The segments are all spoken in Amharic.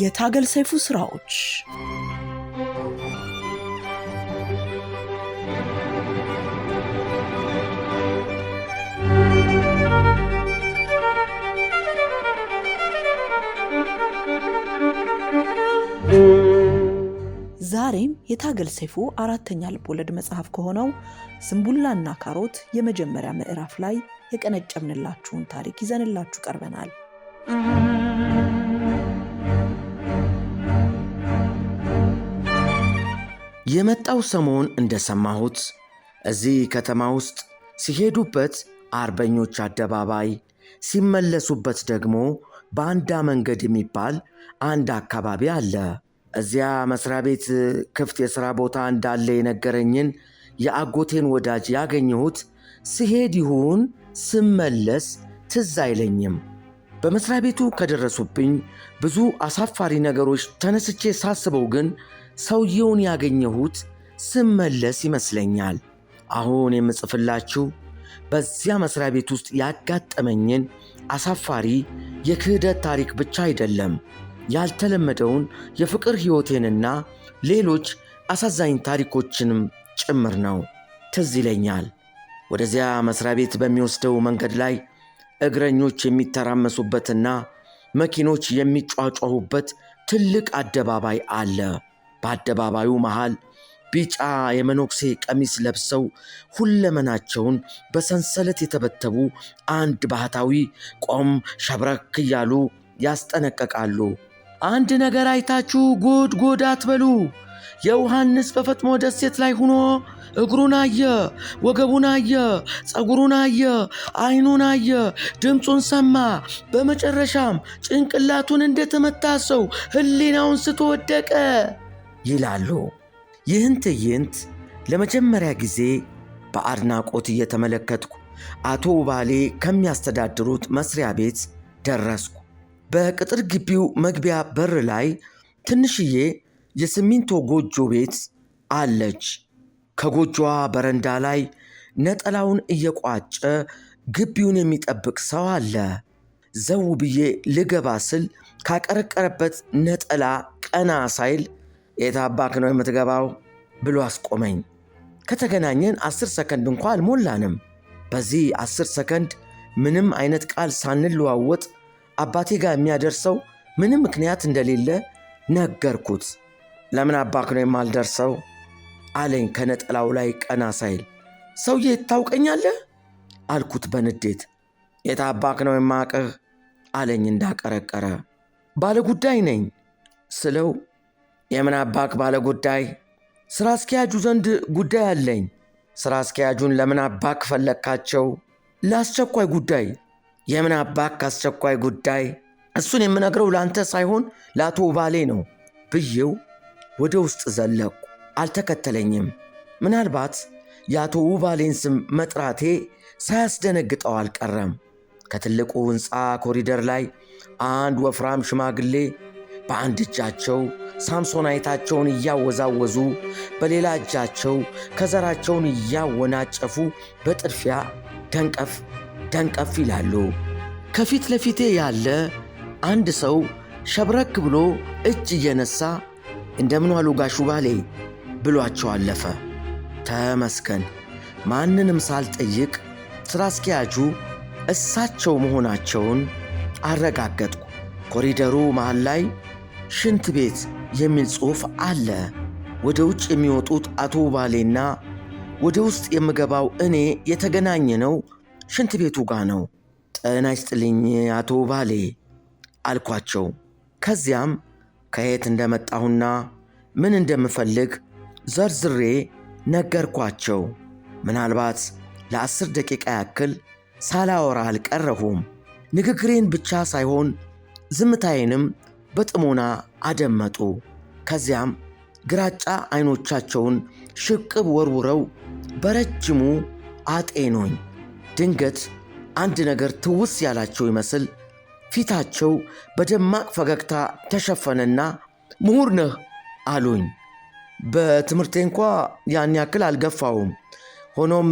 የታገል ሰይፉ ስራዎች ዛሬም የታገል ሰይፉ አራተኛ ልቦለድ መጽሐፍ ከሆነው ዝንቡላና ካሮት የመጀመሪያ ምዕራፍ ላይ የቀነጨምንላችሁን ታሪክ ይዘንላችሁ ቀርበናል። የመጣው ሰሞን እንደሰማሁት እዚህ ከተማ ውስጥ ሲሄዱበት አርበኞች አደባባይ ሲመለሱበት ደግሞ ባንዳ መንገድ የሚባል አንድ አካባቢ አለ። እዚያ መስሪያ ቤት ክፍት የሥራ ቦታ እንዳለ የነገረኝን የአጎቴን ወዳጅ ያገኘሁት ስሄድ ይሁን ስመለስ ትዝ አይለኝም። በመስሪያ ቤቱ ከደረሱብኝ ብዙ አሳፋሪ ነገሮች ተነስቼ ሳስበው ግን ሰውየውን ያገኘሁት ስመለስ ይመስለኛል። አሁን የምጽፍላችሁ በዚያ መሥሪያ ቤት ውስጥ ያጋጠመኝን አሳፋሪ የክህደት ታሪክ ብቻ አይደለም፣ ያልተለመደውን የፍቅር ሕይወቴንና ሌሎች አሳዛኝ ታሪኮችንም ጭምር ነው። ትዝ ይለኛል ወደዚያ መሥሪያ ቤት በሚወስደው መንገድ ላይ እግረኞች የሚተራመሱበትና መኪኖች የሚጫጫሁበት ትልቅ አደባባይ አለ። በአደባባዩ መሃል ቢጫ የመነኩሴ ቀሚስ ለብሰው ሁለመናቸውን በሰንሰለት የተበተቡ አንድ ባህታዊ ቆም ሸብረክ እያሉ ያስጠነቀቃሉ። አንድ ነገር አይታችሁ ጎድ ጎድ አትበሉ። የዮሐንስ በፈጥሞ ደሴት ላይ ሆኖ እግሩን አየ፣ ወገቡን አየ፣ ጸጉሩን አየ፣ ዓይኑን አየ፣ ድምፁን ሰማ። በመጨረሻም ጭንቅላቱን እንደተመታ ሰው ሕሊናውን ስቶ ወደቀ። ይላሉ። ይህን ትዕይንት ለመጀመሪያ ጊዜ በአድናቆት እየተመለከትኩ አቶ ውባሌ ከሚያስተዳድሩት መስሪያ ቤት ደረስኩ። በቅጥር ግቢው መግቢያ በር ላይ ትንሽዬ የሲሚንቶ ጎጆ ቤት አለች። ከጎጆዋ በረንዳ ላይ ነጠላውን እየቋጨ ግቢውን የሚጠብቅ ሰው አለ። ዘው ብዬ ልገባ ስል ካቀረቀረበት ነጠላ ቀና ሳይል የት አባክ ነው የምትገባው ብሎ አስቆመኝ። ከተገናኘን አስር ሰከንድ እንኳ አልሞላንም። በዚህ አስር ሰከንድ ምንም አይነት ቃል ሳንለዋወጥ አባቴ ጋር የሚያደርሰው ምንም ምክንያት እንደሌለ ነገርኩት። ለምን አባክ ነው የማልደርሰው አለኝ ከነጠላው ላይ ቀና ሳይል። ሰውዬ ታውቀኛለህ አልኩት በንዴት። የት አባክ ነው የማቅህ አለኝ እንዳቀረቀረ። ባለጉዳይ ነኝ ስለው የምን አባክ ባለ ጉዳይ፣ ሥራ አስኪያጁ ዘንድ ጉዳይ አለኝ። ሥራ አስኪያጁን ለምን አባክ ፈለግካቸው? ለአስቸኳይ ጉዳይ። የምን አባክ አስቸኳይ ጉዳይ? እሱን የምነግረው ለአንተ ሳይሆን ለአቶ ባሌ ነው ብዬው ወደ ውስጥ ዘለቁ። አልተከተለኝም። ምናልባት የአቶ ውባሌን ስም መጥራቴ ሳያስደነግጠው አልቀረም። ከትልቁ ሕንፃ ኮሪደር ላይ አንድ ወፍራም ሽማግሌ በአንድ እጃቸው ሳምሶናይታቸውን እያወዛወዙ በሌላ እጃቸው ከዘራቸውን እያወናጨፉ በጥድፊያ ደንቀፍ ደንቀፍ ይላሉ። ከፊት ለፊቴ ያለ አንድ ሰው ሸብረክ ብሎ እጅ እየነሳ እንደምን ዋሉ ጋሹ ባሌ ብሏቸው አለፈ። ተመስገን ማንንም ሳልጠይቅ ሥራ አስኪያጁ እሳቸው መሆናቸውን አረጋገጥኩ። ኮሪደሩ መሃል ላይ ሽንት ቤት የሚል ጽሑፍ አለ። ወደ ውጭ የሚወጡት አቶ ባሌና ወደ ውስጥ የምገባው እኔ የተገናኘ ነው ሽንት ቤቱ ጋ ነው። ጤና ይስጥልኝ አቶ ባሌ አልኳቸው። ከዚያም ከየት እንደመጣሁና ምን እንደምፈልግ ዘርዝሬ ነገርኳቸው። ምናልባት ለአስር ደቂቃ ያክል ሳላወራ አልቀረሁም። ንግግሬን ብቻ ሳይሆን ዝምታዬንም በጥሞና አደመጡ። ከዚያም ግራጫ አይኖቻቸውን ሽቅብ ወርውረው በረጅሙ አጤኖኝ። ድንገት አንድ ነገር ትውስ ያላቸው ይመስል ፊታቸው በደማቅ ፈገግታ ተሸፈነና ምሁር ነህ አሉኝ። በትምህርቴ እንኳ ያን ያክል አልገፋውም። ሆኖም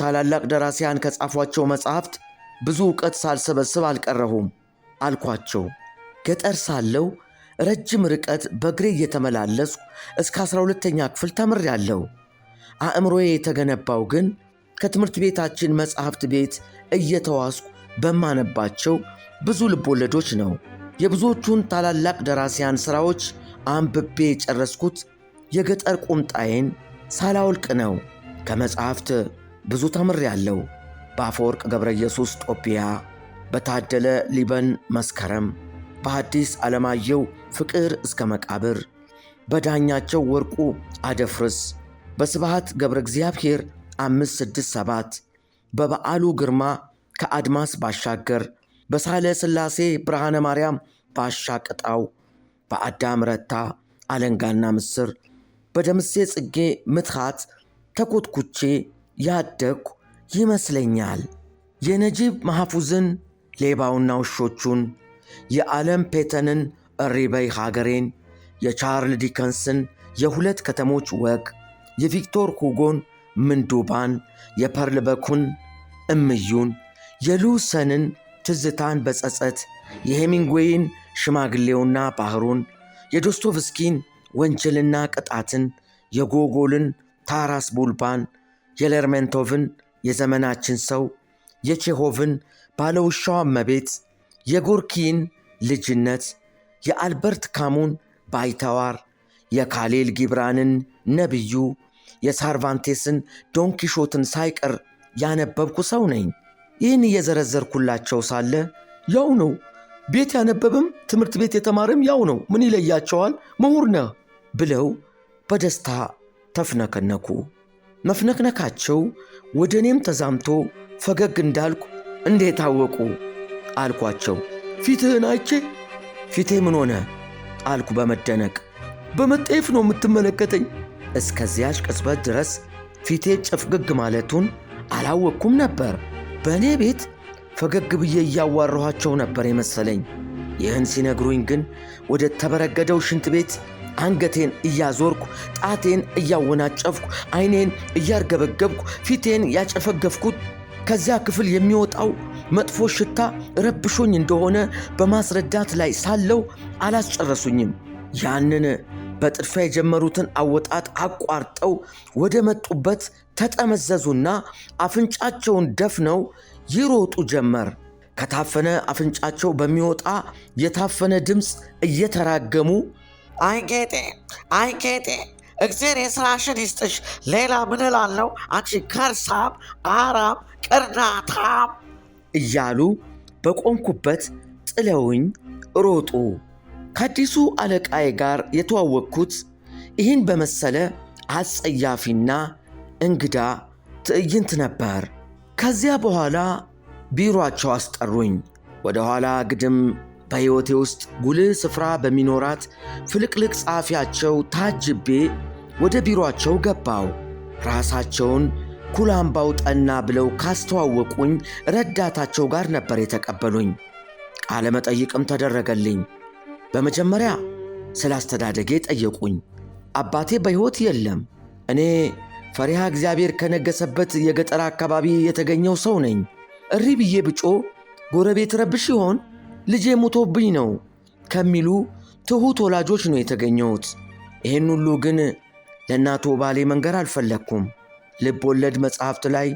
ታላላቅ ደራሲያን ከጻፏቸው መጽሐፍት ብዙ እውቀት ሳልሰበስብ አልቀረሁም አልኳቸው። ገጠር ሳለው ረጅም ርቀት በእግሬ እየተመላለስኩ እስከ 12ተኛ ክፍል ተምሬያለሁ። አእምሮዬ የተገነባው ግን ከትምህርት ቤታችን መጽሐፍት ቤት እየተዋስኩ በማነባቸው ብዙ ወለዶች ነው። የብዙዎቹን ታላላቅ ደራሲያን ሥራዎች አንብቤ የጨረስኩት የገጠር ቁምጣዬን ሳላውልቅ ነው። ከመጽሐፍት ብዙ ተምሬያለሁ። በአፈወርቅ ገብረ ኢየሱስ ጦቢያ፣ በታደለ ሊበን መስከረም በሐዲስ ዓለማየሁ ፍቅር እስከ መቃብር፣ በዳኛቸው ወርቁ አደፍርስ፣ በስብሃት ገብረ እግዚአብሔር አምስት ስድስት ሰባት፣ በበዓሉ ግርማ ከአድማስ ባሻገር፣ በሳህለ ሥላሴ ብርሃነ ማርያም ባሻ ቅጣው፣ በአዳም ረታ አለንጋና ምስር፣ በደምሴ ጽጌ ምትሃት ተኮትኩቼ ያደግኩ ይመስለኛል የነጂብ መሐፉዝን ሌባውና ውሾቹን የዓለም ፔተንን እሪበይ ሀገሬን፣ የቻርል ዲከንስን የሁለት ከተሞች ወግ፣ የቪክቶር ሁጎን ምንዱባን፣ የፐርልበኩን እምዩን፣ የሉሰንን ትዝታን በጸጸት፣ የሄሚንግዌይን ሽማግሌውና ባህሩን፣ የዶስቶቭስኪን ወንጀልና ቅጣትን፣ የጎጎልን ታራስ ቡልባን፣ የሌርሜንቶቭን የዘመናችን ሰው፣ የቼሆቭን ባለውሻዋ መቤት የጎርኪን ልጅነት፣ የአልበርት ካሙን ባይተዋር፣ የካሌል ጊብራንን ነቢዩ፣ የሳርቫንቴስን ዶንኪሾትን ሳይቀር ያነበብኩ ሰው ነኝ። ይህን እየዘረዘርኩላቸው ሳለ ያው ነው ቤት ያነበብም ትምህርት ቤት የተማረም ያው ነው፣ ምን ይለያቸዋል? ምሁር ነህ ብለው በደስታ ተፍነከነኩ። መፍነክነካቸው ወደ እኔም ተዛምቶ ፈገግ እንዳልኩ እንዴት አወቁ? አልኳቸው። ፊትህን አይቼ ፊቴ ምን ሆነ አልኩ በመደነቅ። በመጠየፍ ነው የምትመለከተኝ። እስከዚያች ቅጽበት ድረስ ፊቴ ጭፍግግ ማለቱን አላወቅኩም ነበር። በእኔ ቤት ፈገግ ብዬ እያዋረኋቸው ነበር የመሰለኝ። ይህን ሲነግሩኝ ግን ወደ ተበረገደው ሽንት ቤት አንገቴን እያዞርኩ ጣቴን እያወናጨፍኩ ዐይኔን እያርገበገብኩ ፊቴን ያጨፈገፍኩት ከዚያ ክፍል የሚወጣው መጥፎ ሽታ ረብሾኝ እንደሆነ በማስረዳት ላይ ሳለው አላስጨረሱኝም። ያንን በጥድፊያ የጀመሩትን አወጣጥ አቋርጠው ወደ መጡበት ተጠመዘዙና አፍንጫቸውን ደፍነው ይሮጡ ጀመር። ከታፈነ አፍንጫቸው በሚወጣ የታፈነ ድምፅ እየተራገሙ አይጌጤ አይጌጤ አይ እግዜር የስራሽን ይስጥሽ። ሌላ ምን እላለሁ? አንቺ ከርሳም፣ አራም፣ ቅርናታም እያሉ በቆምኩበት ጥለውኝ ሮጡ። ከአዲሱ አለቃዬ ጋር የተዋወቅኩት ይህን በመሰለ አጸያፊና እንግዳ ትዕይንት ነበር። ከዚያ በኋላ ቢሮአቸው አስጠሩኝ። ወደ ኋላ ግድም በሕይወቴ ውስጥ ጉልህ ስፍራ በሚኖራት ፍልቅልቅ ጸሐፊያቸው ታጅቤ ወደ ቢሮአቸው ገባው። ራሳቸውን ኩላምባው ጠና ብለው ካስተዋወቁኝ ረዳታቸው ጋር ነበር የተቀበሉኝ። ቃለ መጠይቅም ተደረገልኝ። በመጀመሪያ ስለ አስተዳደጌ ጠየቁኝ። አባቴ በሕይወት የለም። እኔ ፈሪሃ እግዚአብሔር ከነገሰበት የገጠር አካባቢ የተገኘው ሰው ነኝ። እሪ ብዬ ብጮ ጎረቤት ረብሽ ይሆን ልጄ ሙቶብኝ ነው ከሚሉ ትሑት ወላጆች ነው የተገኘሁት። ይህን ሁሉ ግን ለእናቶ ባሌ መንገር አልፈለግኩም። ልብ ወለድ መጽሐፍት ላይ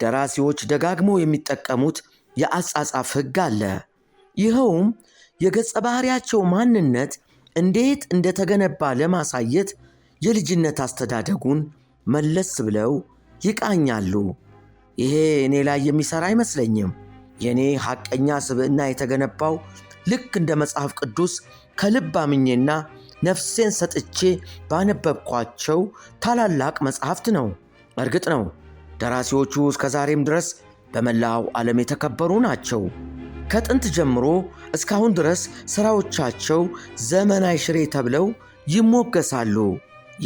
ደራሲዎች ደጋግመው የሚጠቀሙት የአጻጻፍ ሕግ አለ። ይኸውም የገጸ ባህሪያቸው ማንነት እንዴት እንደተገነባ ለማሳየት የልጅነት አስተዳደጉን መለስ ብለው ይቃኛሉ። ይሄ እኔ ላይ የሚሠራ አይመስለኝም። የእኔ ሐቀኛ ስብዕና የተገነባው ልክ እንደ መጽሐፍ ቅዱስ ከልብ አምኜና ነፍሴን ሰጥቼ ባነበብኳቸው ታላላቅ መጽሐፍት ነው። እርግጥ ነው ደራሲዎቹ እስከ ዛሬም ድረስ በመላው ዓለም የተከበሩ ናቸው። ከጥንት ጀምሮ እስካሁን ድረስ ሥራዎቻቸው ዘመን ሽሬ ተብለው ይሞገሳሉ።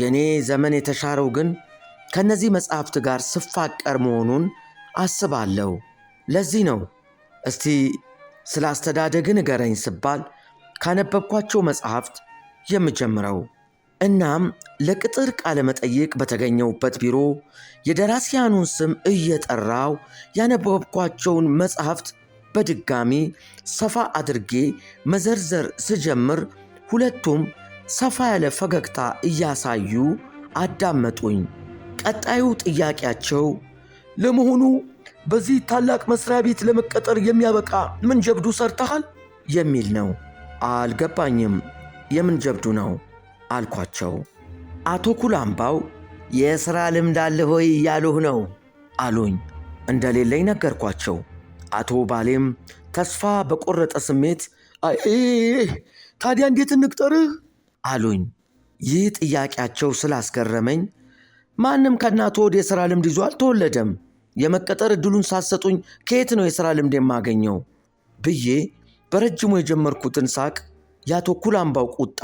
የእኔ ዘመን የተሻረው ግን ከእነዚህ መጻሕፍት ጋር ስፋቀር መሆኑን አስባለሁ። ለዚህ ነው እስቲ ስለ አስተዳደግ ንገረኝ ስባል ካነበብኳቸው መጽሐፍት የምጀምረው። እናም ለቅጥር ቃለ መጠይቅ በተገኘውበት ቢሮ የደራሲያኑን ስም እየጠራው ያነበብኳቸውን መጽሐፍት በድጋሚ ሰፋ አድርጌ መዘርዘር ስጀምር ሁለቱም ሰፋ ያለ ፈገግታ እያሳዩ አዳመጡኝ። ቀጣዩ ጥያቄያቸው ለመሆኑ በዚህ ታላቅ መስሪያ ቤት ለመቀጠር የሚያበቃ ምን ጀብዱ ሰርተሃል? የሚል ነው። አልገባኝም። የምን ጀብዱ ነው? አልኳቸው። አቶ ኩላምባው የሥራ ልምድ አለ ሆይ እያሉህ ነው አሉኝ። እንደሌለኝ ነገርኳቸው። አቶ ባሌም ተስፋ በቆረጠ ስሜት ታዲያ እንዴት እንቅጠርህ አሉኝ። ይህ ጥያቄያቸው ስላስገረመኝ ማንም ከእናቶ ወደ የሥራ ልምድ ይዞ አልተወለደም፣ የመቀጠር እድሉን ሳትሰጡኝ ከየት ነው የሥራ ልምድ የማገኘው ብዬ በረጅሙ የጀመርኩትን ሳቅ የአቶ ኩላምባው ቁጣ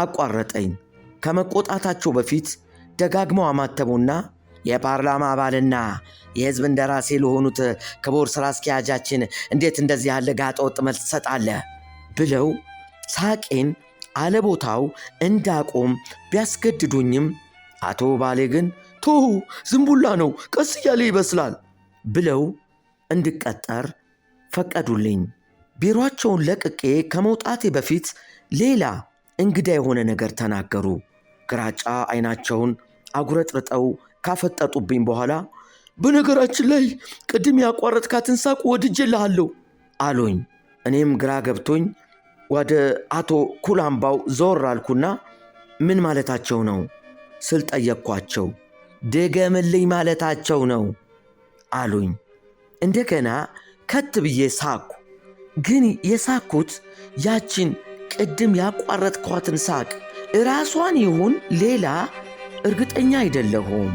አቋረጠኝ። ከመቆጣታቸው በፊት ደጋግመው አማተቡና የፓርላማ አባልና የህዝብ እንደራሴ ለሆኑት ክቡር ሥራ አስኪያጃችን እንዴት እንደዚህ ያለ ጋጠ ወጥ መልስ ትሰጣለህ? ብለው ሳቄን አለቦታው እንዳቆም ቢያስገድዱኝም አቶ ባሌ ግን ቶሁ ዝንቡላ ነው፣ ቀስ እያለ ይበስላል ብለው እንድቀጠር ፈቀዱልኝ። ቢሮአቸውን ለቅቄ ከመውጣቴ በፊት ሌላ እንግዳ የሆነ ነገር ተናገሩ። ግራጫ አይናቸውን አጉረጥርጠው ካፈጠጡብኝ በኋላ በነገራችን ላይ ቅድም ያቋረጥካትን ሳቅ ወድጄልሃለሁ አሉኝ። እኔም ግራ ገብቶኝ ወደ አቶ ኩላምባው ዞር አልኩና ምን ማለታቸው ነው ስል ጠየቅኳቸው። ድገምልኝ ማለታቸው ነው አሉኝ። እንደገና ከት ብዬ ሳኩ። ግን የሳኩት ያችን ቅድም ያቋረጥኳትን ሳቅ እራሷን ይሁን ሌላ እርግጠኛ አይደለሁም።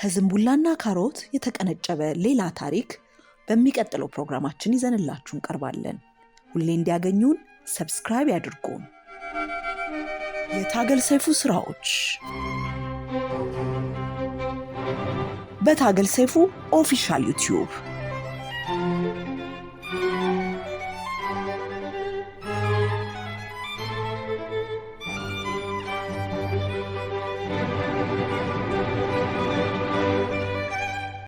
ከዝንቡላና ካሮት የተቀነጨበ ሌላ ታሪክ በሚቀጥለው ፕሮግራማችን ይዘንላችሁ እንቀርባለን። ሁሌ እንዲያገኙን ሰብስክራይብ ያድርጉ። የታገል ሰይፉ ስራዎች በታገል ሰይፉ ኦፊሻል ዩቲዩብ